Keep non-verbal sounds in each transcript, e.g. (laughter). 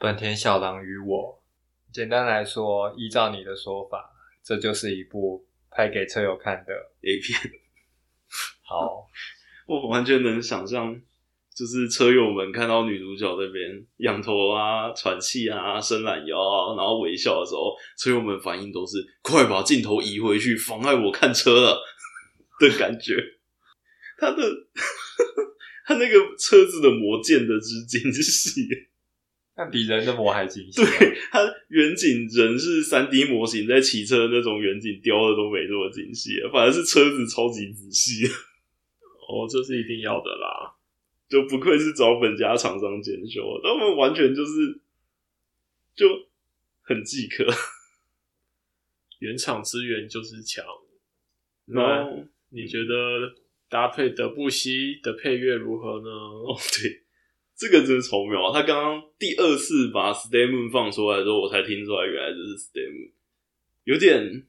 本田小狼與我，簡單來說，依照你的說法，這就是一部拍給車友看的 A 片。 (laughs) 好，我完全能想象，就是車友們看到女主角那邊仰頭啊、喘氣啊、伸懶腰啊，然後微笑的時候，車友們反應都是：快把鏡頭移回去，妨礙我看車了的感覺。 (laughs) 他的 (laughs) 他那個車子的魔劍的之間就是。比人的模還精細，對它遠景人是三 D 模型在騎車那種遠景雕的都沒這麼精細，反而是車子超級仔細。嗯、哦，這是一定要的啦，嗯、就不愧是找本家廠商檢修，那我們完全就是就很即渴。原廠資源就是強。嗯、那你覺得搭配德布西的配樂如何呢？哦，對。這個真是巧妙啊！他剛剛第二次把 statement 放出來的時候，我才聽出來，原來這是 statement 有點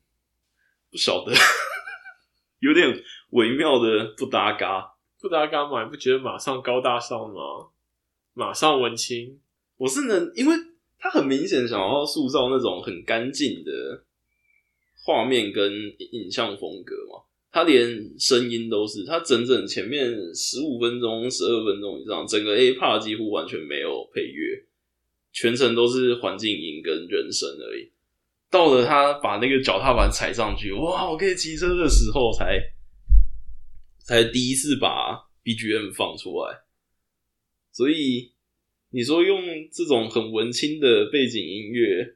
不曉得， (laughs) 有點微妙的不搭嘎，不搭嘎嘛？你不覺得馬上高大上嗎？馬上文青，我是能，因為他很明顯想要塑造那種很乾淨的畫面跟影像風格嘛。他連聲音都是，他整整前面十五分鐘、十二分鐘以上，整個 A part 幾乎完全沒有配樂，全程都是環境音跟人聲而已。到了他把那個腳踏板踩上去，哇，我可以騎車的時候才才第一次把 BGM 放出來。所以你說用這種很文青的背景音樂，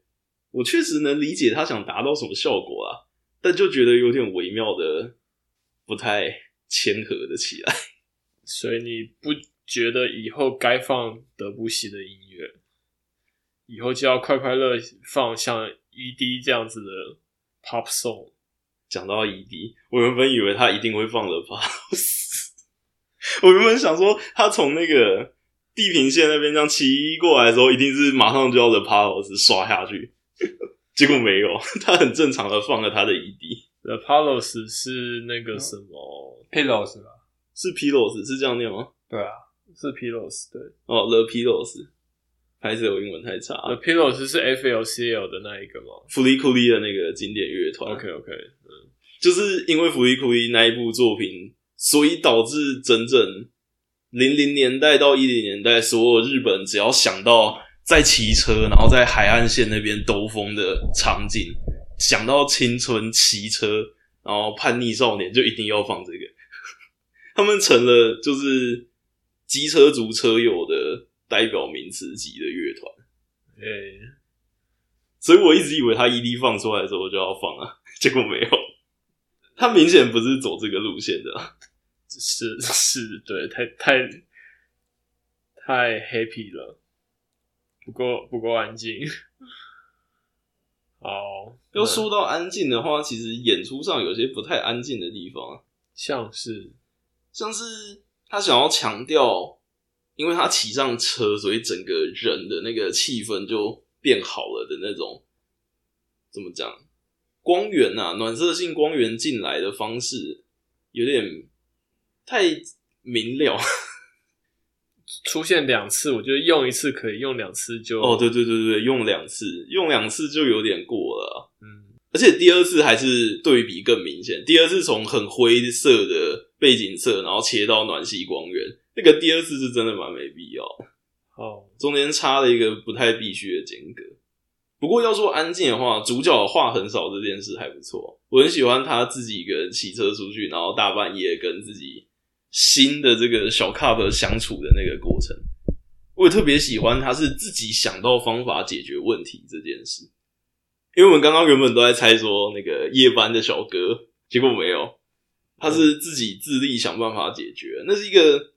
我確實能理解他想達到什麼效果啊，但就覺得有點微妙的。不太謙和的起來，所以你不覺得以後該放德布西的音樂？以後就要快快樂放像 ED 這樣子的 pop song。講到 ED，我原本以為他一定會放 Rap， (laughs) 我原本想說他從那個地平線那邊這樣騎過來的時候，一定是馬上就要 Rapos 刷下去， (laughs) 結果沒有，他很正常的放了他的 ED。The pillows 是那個什麼、oh, pillows 吧？是 pillows 是這樣念嗎？對啊，是 pillows 對，哦、oh,，the pillows 還是我英文太差了。The pillows 是 FLCL 的那一個嗎？福利庫利的那個經典樂團。OK OK，嗯，就是因為福利庫利那一部作品，所以導致整整零零年代到一零年代，所有日本只要想到在騎車，然後在海岸線那邊兜風的場景，想到青春騎車，然後叛逆少年就一定要放這個，他們成了就是機車族車友的代表名詞級的樂團，誒、欸，所以我一直以為他 ED 放出來的時候就要放啊，結果沒有，他明顯不是走這個路線的，啊，是是對太太太 happy 了，不夠不夠安靜。哦，要說到安靜的話，其實演出上有些不太安靜的地方。像是，像是他想要強調，因為他騎上車，所以整個人的那個氣氛就變好了的那種。怎麼講？光源啊，暖色系光源進來的方式有點太明了。出現兩次，我覺得用一次可以，用兩次就哦，對對對對，用兩次用兩次就有點過了啊，嗯，而且第二次還是對比更明顯。第二次從很灰色的背景色，然後切到暖系光源，那個第二次是真的蠻沒必要哦。中間插了一個不太必須的間隔，不過要說安靜的話，主角話很少這件事還不錯。我很喜歡他自己一個人騎車出去，然後大半夜跟自己，新的這個小 Cub 相處的那個過程，我也特別喜歡。他是自己想到方法解決問題這件事，因為我們剛剛原本都在猜說那個夜班的小哥，結果沒有，他是自己自力想辦法解決。嗯、那是一個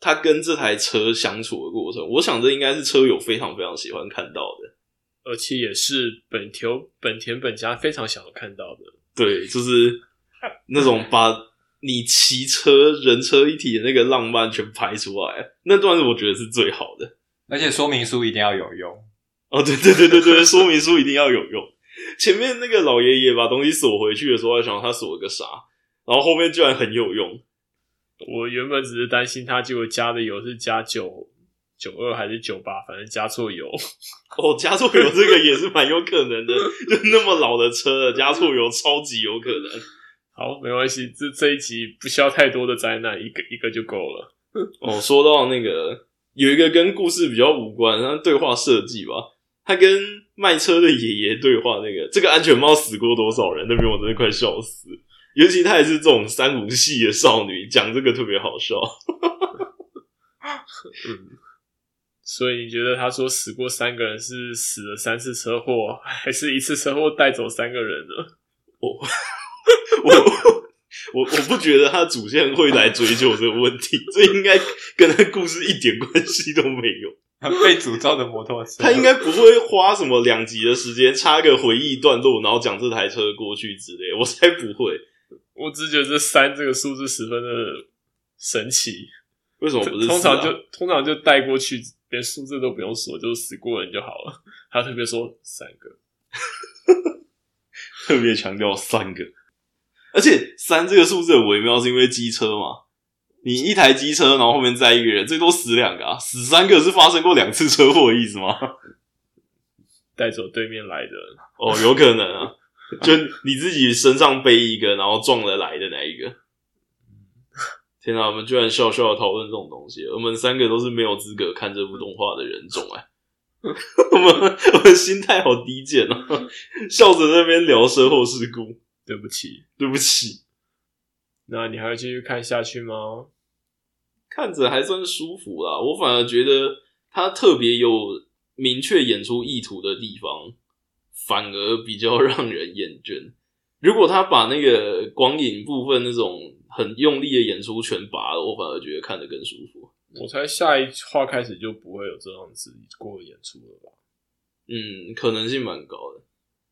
他跟這台車相處的過程。我想這應該是車友非常非常喜歡看到的，而且也是本田本田本家非常想要看到的。對，就是那種把。 (laughs) 你騎車，人車一體的那個浪漫全拍出來，那段是我覺得是最好的。而且說明書一定要有用。哦，對對對，對對對，說明書一定要有用。 (laughs) 前面那個老爺爺把東西鎖回去的時候，還想他鎖個啥，然後後面居然很有用。我原本只是擔心他，結果加的油是加九九二還是九八，反正加錯油。哦，加錯油這個也是蠻有可能的， (laughs) 就那麼老的車了，加錯油超級有可能。好，沒關係，這這一集不需要太多的災難，一個一個就夠了。呵呵哦，說到那個，有一個跟故事比較無關，然後對話設計吧，他跟賣車的爺爺對話，那個這個安全帽死過多少人？那邊我真的快笑死，尤其他也是這種三無系的少女，講這個特別好笑。呵呵嗯，所以你覺得他說死過三個人是，是死了三次車禍，還是一次車禍帶走三個人呢？哦。我我我不覺得他主線會來追究這個問題，這應該跟他故事一點關係都沒有。他被詛咒的摩托車，他應該不會花什麼兩集的時間插個回憶段落，然後講這台車的過去之類。我才不會，我只覺得這三這個數字十分的神奇。為什麼不是？通常就通常就帶過去，連數字都不用說，就死過人就好了？他特別說三個， (laughs) 特別強調三個。而且三這個數字很微妙，是因為機車嘛？你一台機車，然後後面載一個人，最多死兩個啊？死三個是發生過兩次車禍的意思嗎？帶走對面來的人。哦，有可能啊， (laughs) 就你自己身上背一個，然後撞了來的那一個。天哪、啊，我們居然笑笑討論這種東西，我們三個都是沒有資格看這部動畫的人種哎、欸， (laughs) 我們我們心態好低賤哦、啊，笑着那邊聊車禍事故。對不起，對不起。那你還要繼續看下去嗎？看着還算舒服啦，我反而覺得他特別有明確演出意圖的地方，反而比較讓人厭倦。如果他把那個光影部分那種很用力的演出全拔了，我反而覺得看着更舒服。我猜下一話開始就不會有這樣子過的演出了吧？嗯，可能性蠻高的。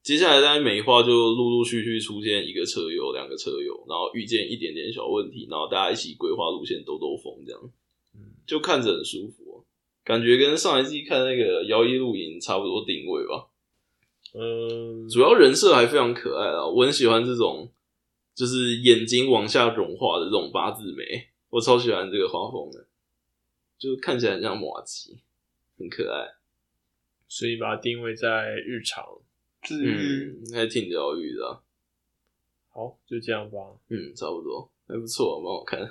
接下來大概每一話就陸陸續續出現一個車友、兩個車友，然後遇見一點點小問題，然後大家一起規劃路線、兜兜風，這樣就看着很舒服，感覺跟上一季看那個搖曳露營差不多定位吧。嗯，主要人設還非常可愛啊，我很喜歡這種就是眼睛往下融化的這種八字眉，我超喜歡這個畫風的、欸，就是看起來很像麻糬，很可愛，所以把它定位在日常。至於、嗯、還挺療癒的、啊，好，就這樣吧。嗯，差不多，還不錯、啊，蠻好看。